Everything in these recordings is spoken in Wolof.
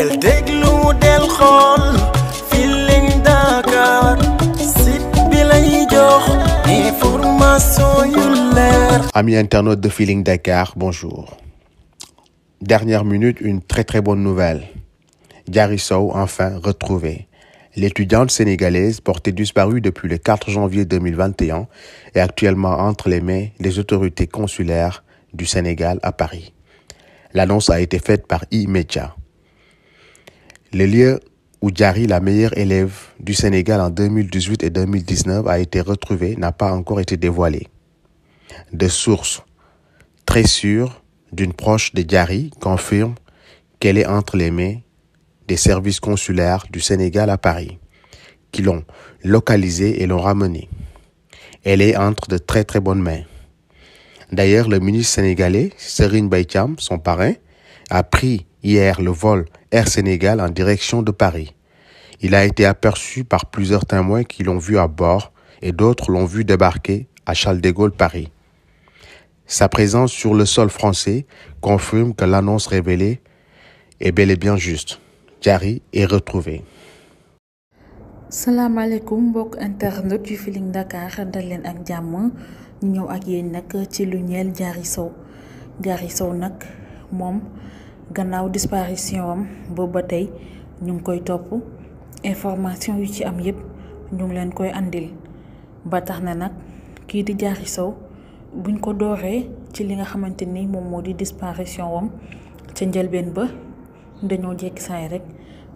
del déglu del xool Feeling bi lay jox information yu leer. Amis internautes de Feeling Dakar bonjour dernière minute une très très bonne nouvelle Diary Sow enfin retrouvée l'étudiante sénégalaise portée disparue depuis le janvier 2021 actuellement entre les mains des autorités consulaires du Sénégal à Paris l'annonce a été faite par E-Media Le lieu où Diary, la meilleure élève du Sénégal en 2018 et 2019, a été retrouvée n'a pas encore été dévoilé. Des sources très sûres d'une proche de Diary confirment qu'elle est entre les mains des services consulaires du Sénégal à Paris, qui l'ont localisée et l'ont ramenée. Elle est entre de très très bonnes mains. D'ailleurs, le ministre sénégalais, Serine Baïtiam, son parrain, a pris hier le vol Air Sénégal en direction de Paris. Il a été aperçu par plusieurs témoins qui l'ont vu à bord et d'autres l'ont vu débarquer à Charles de Gaulle Paris. Sa présence sur le sol français confirme que l'annonce révélée est bel et bien juste. Diary est retrouvé. gannaaw disparition am boobu ba tey ñu ngi koy topp information yu ci am yépp ñu leen koy andil ba tax na nag kii di Diary Sow buñ ko dooree ci li nga xamante ni moom moo di disparition wam ca njëlbeen ba dañoo jekki saay rek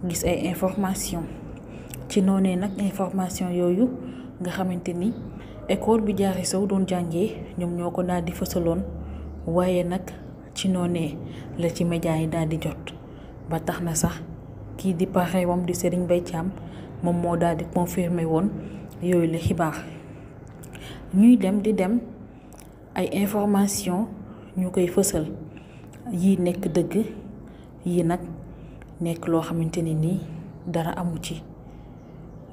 gis ay information ci noonee nag information yooyu nga xamante ni école bi Diary Sow doon jàngee ñoom ñoo ko daal di waaye nag ci noonee la ci média yi daal di jot ba tax na sax kii di paxewam di Serigne bay Thiam moom moo daal di confirmer woon yooyu la xibaar ñuy dem di dem ay information ñu koy fësal yii nekk dëgg yii nag nekk loo xamante ni nii dara amu ci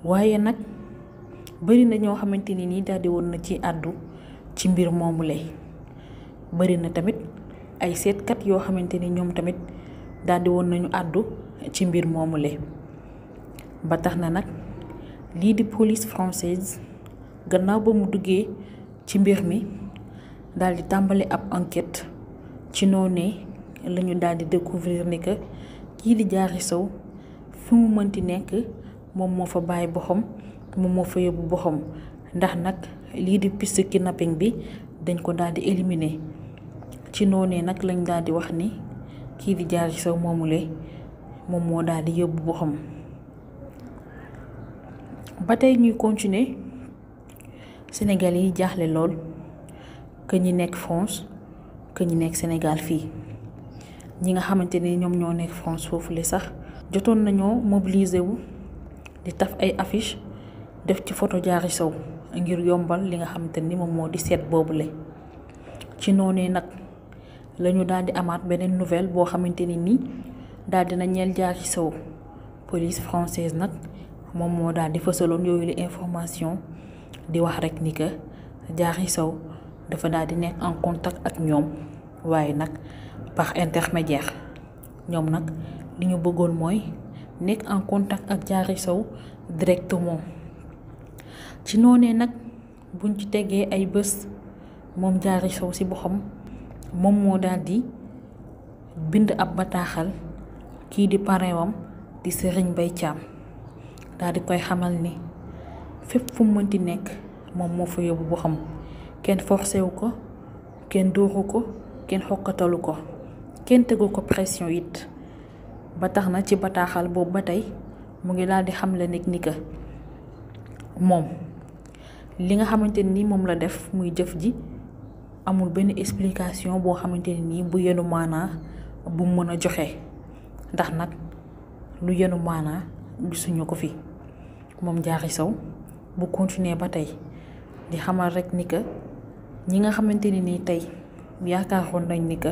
waaye nag bari na ñoo xamante ni nii daldi woon na ci àddu ci mbir moomu lay bari na tamit ay seetkat yoo xamante ni ñoom tamit daldi woon nañu àddu ci mbir moomule ba tax na nag lii di police française gannaaw ba mu duggee ci mbir mi daldi tàmbali ab enquête ci noonee lañu daldi découvrir ni que kii di Diary Sow fi mu mënti nekk moom moo fa bàyyi boxam moom moo fa yóbbu boxam ndax nag lii di piste kidnapping bi dañ ko daldi éliminer ci noonee nag lañ daal di wax ni kii di jaar ci saw moomule moom moo daal di yóbbu boppam ba tey ñuy continuer Sénégal yi jaaxle lool que ñi nekk France que ñi nekk Sénégal fii ñi nga xamante ni ñoom ñoo nekk France foofu le sax jotoon nañoo mobiliser wu di taf ay affiche def ci photo Diary Sow ngir yombal li nga xamante ni moom moo di seet boobule ci noonee nag la ñu daal di amaat beneen nouvelle boo xamante ne nii dal daal dina ñeel Diary Sow police française nag moom moo daal di fësaloon yooyu la information di wax rek ni que Diary Sow dafa daal di nekk en contact ak ñoom waaye nag par intermédiaire ñoom nag li ñu bëggoon mooy nekk en contact ak jaari Sow directement ci noonee nag buñ ci tegee ay bés moom jaari Sow ci boppam. moom moo daal bind ab bataaxal kii di parewam di sëriñ bay Thiam daldi koy xamal ni fépp fu mu mënti nekk moom moo fa yóbbu bu xam kenn forcé ko kenn dóoru ko kenn xokkatalu ko kenn tegu ko pression it ba tax na ci bataaxal boobu ba tey mu ngi daal di xamle nit ni que moom li nga xamante ni moom la def muy jëf ji amul benn explication boo xamante ne nii bu yenu maanaa bu mën a joxe ndax nag lu yenu maanaa gisuñu ko fi moom Diary Sow bu continuer ba tey di xamal rek ni que ñi nga xamante ne nii tey yaakaaroon nañ ni que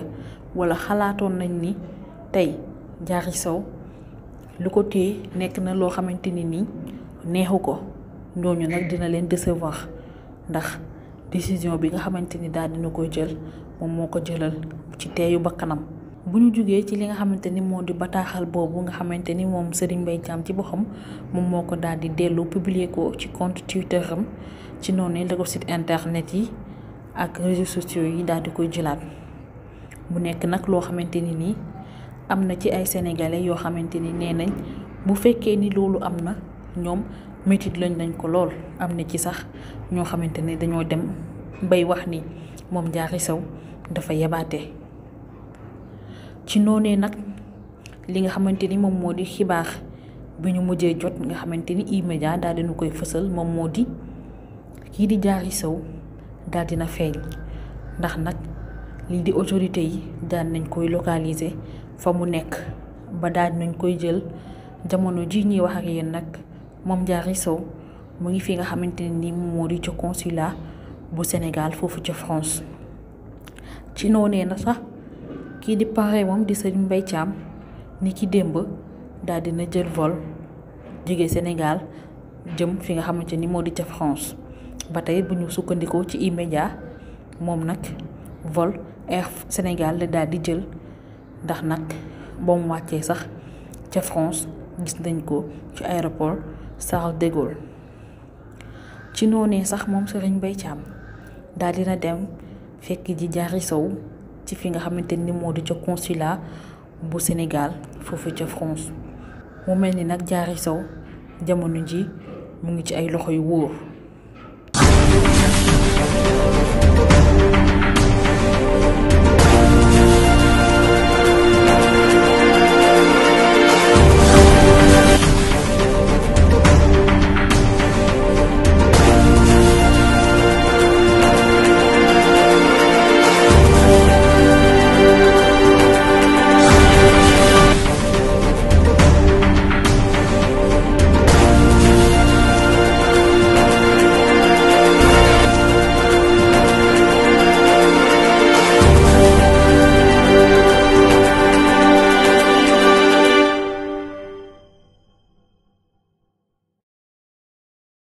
walla xalaatoon nañ ni tey Diary Sow lu ko téye nekk na loo xamante ni nii neexu ko ñooñu nag dina leen décevoir ndax décision bi nga xamante ni daal na koy jël moom moo ko jëlal ci teeyu ba kanam bu ñu jugee ci li nga xamante ni moo di bataaxal boobu nga xamante ni moom Serigne Mbaye Thiam ci boppam moom moo ko daal di dellu publier ko ci compte Twitter ci noonu la internet yi ak réseaux sociaux yi daal di koy jëlaat mu nekk nag loo xamante ni nii am na ci ay sénégalais yoo xamante ni nee nañ bu fekkee ni loolu am na. ñoom métit lañ nañ ko lool am na ci sax ñoo xamante ne dañoo dem bay wax ni moom Ndiakhou Sow dafa yebaate ci noonee nag li nga xamante ni moom moo di xibaar bi ñu mujjee jot nga xamante ni E-Media daal koy fësal moom moo di kii di Ndiakhou sew daal na feeñ ndax nag lii di autorité yi daal nañ koy localiser fa mu nekk ba daal nañ koy jël jamono ji ñuy wax ak yéen nag moom Diarry Sow mu ngi fi nga xamante ne ni moo di ca consulat bu Sénégal foofu ca France ci noonee na sax kii di parrain moom di Serigne Mbaye Thiam ni ki démb daal dina jël vol jóge Sénégal jëm fi nga xamante ni moo di ca France ba tey bu ñu sukkandikoo ci immédiat moom nag vol Air Sénégal la daal di jël ndax nag ba mu wàccee sax ca France gis nañ ko ci aéroport Charles de ci noonee sax moom Serigne bay Thiam daal dina dem fekk ji jaari sow ci fi nga xamante ni moo du ca consulat bu Sénégal foofu ca France mu mel ni nag jaari sow jamono ji mu ngi ci ay loxo yu wóor